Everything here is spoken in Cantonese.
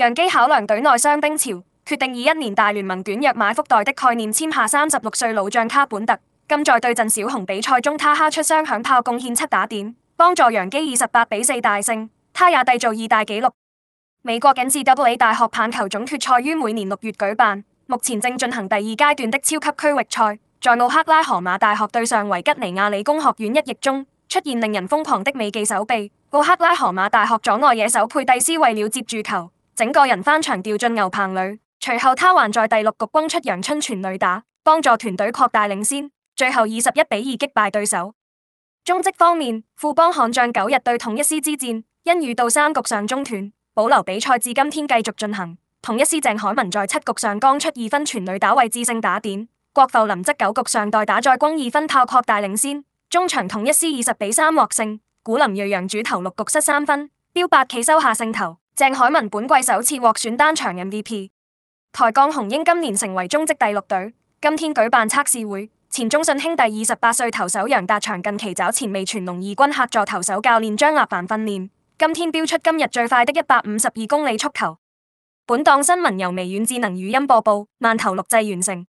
楊基考量隊內傷兵潮，決定以一年大聯盟短約買福袋的概念簽下三十六歲老將卡本特。今在對陣小熊比賽中，他敲出雙響炮，貢獻七打點，幫助楊基十八比四大勝。他也締造二大紀錄。美國 NCAA 大學棒球總決賽於每年六月舉辦，目前正進行第二階段的超級區域賽。在奧克拉荷馬大學對上維吉尼亞理工學院一役中，出現令人瘋狂的美技手臂。奧克拉荷馬大學左外野手佩蒂斯為了接住球。整個人翻牆掉進牛棚裏，隨後他還在第六局轟出陽春全壘打，幫助團隊擴大領先，最後二十一比二擊敗對手。中職方面，富邦悍將九日對統一獅之戰，因遇到三局上中斷，保留比賽至今天繼續進行。統一獅鄭凱文在七局上轟出二分全壘打為致勝打點，郭富林則九局上代打再轟二分砲，擴大領先，中場統一獅二十比三獲勝。古林睿煬主投六局失三分，標八企收下勝投。鄭凱文本季首次獲選單場 MVP。台鋼雄鷹今年成為中職第六隊，今天舉辦測試會。前中信兄弟二十八歲投手楊達祥近期找前味全龍二軍客座投手教練張亞凡訓練，今天飆出今日最快的一百五十二公里速球。本檔新聞由微軟智能語音播報，慢投錄製完成。